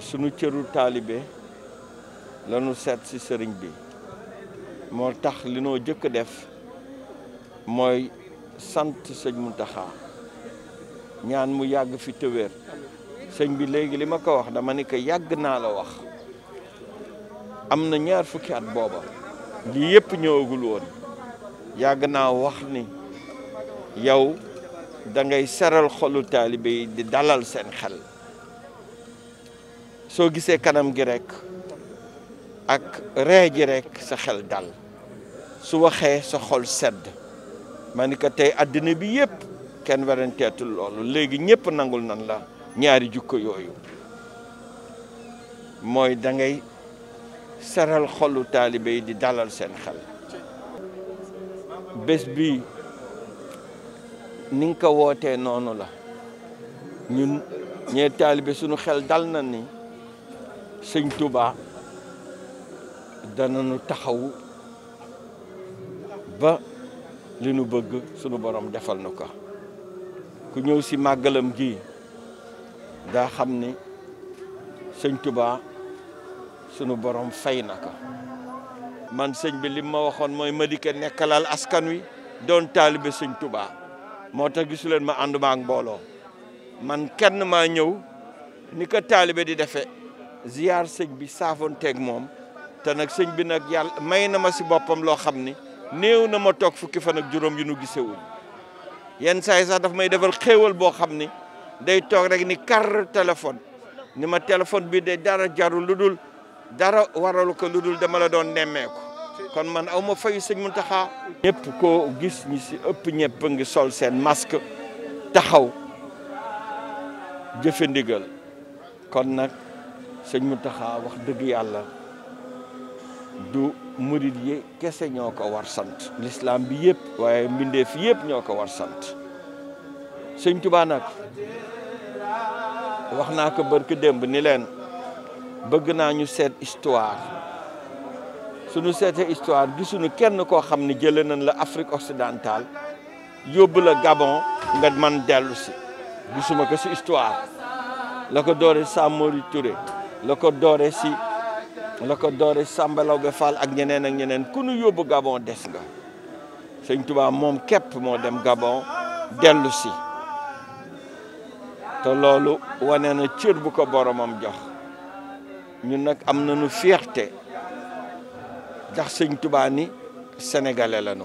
sunu cëru taalibe lañu seet si sëriñ bi moo tax li noo jëkk def mooy sant sëñ mu Muntaxa ñaan mu yàgg fi te sëñ bi léegi li ma ko wax dama ni ko yàgg naa la wax am na ñaar fukki at booba lii yëpp ñëwagul woon yàgg naa wax ni yow dangay seral xolu taalibe yi di dalal seen xel soo gisee kanam gi rekk ak ree ji rekk sa xel dal su waxee sa xol sedd ma ni ko tey àddina bi yëpp kenn weranteetul loolu léegi ñëpp nangul nan la ñaari jukko yooyu mooy dangay seral xolu taalibe yi di dalal seen xel bés bi ni ko wootee noonu la ñun ñee taalibe sunu xel dal na ni sëñ Touba dana nu taxaw ba li nu bëgg sunu borom defal nako kunyosi ku ñew ci magalam gi da xamni ni Touba sunu borom fay nako man sëñ bi li ma waxoon mooy ma dikke nekkalal askan wi don taalibe sëñ Touba moo tax ma anduma ak mbolo man kenn ma ñew ni ko di defee. ziar sëñ bi saafoonteeg moom te nag sëñ bi nag yàlla may na ma si boppam loo xam ni néew na ma toog fukki fan ak juróom yu nu gisewul yenn saa yi sax may defal xéewal boo xam ni day toog rek ni kar téléphone ni ma téléphone bi de dara jarul lu dul dara waral ko lu dul dama la doon nemmeeku kon man aw ma fay fayu sëñ Muntaxa ñëpp koo gis ni si ëpp ñëpp ngi sol seen masque taxaw jëfe ndigal kon nag sëñ Mountakha wax dëgg yàlla du murid yi kese ñoo ko war sant l'islam bi yëpp waaye mbindeef yëpp ñoo ko war sant sëñ wax naa ko barke démb ni leen bëgg naa ñu seet histoire suñu seetee histoire gisuñu kenn koo xam ne jëlee nañ la Afrique occidentale yóbbu la Gabon nga man dellu si gisuma ko si histoire la ko doore Samori Touré Le ko doore si la ko doore Samba Laobé Fall ak ñeneen ak ñeneen ku que Gabon des nga une Touba moom képp moo dem Gabon dellu si te loolu que je bu ko jox ñun am nañu fierté de sëñ Touba ni sénégalais la ñu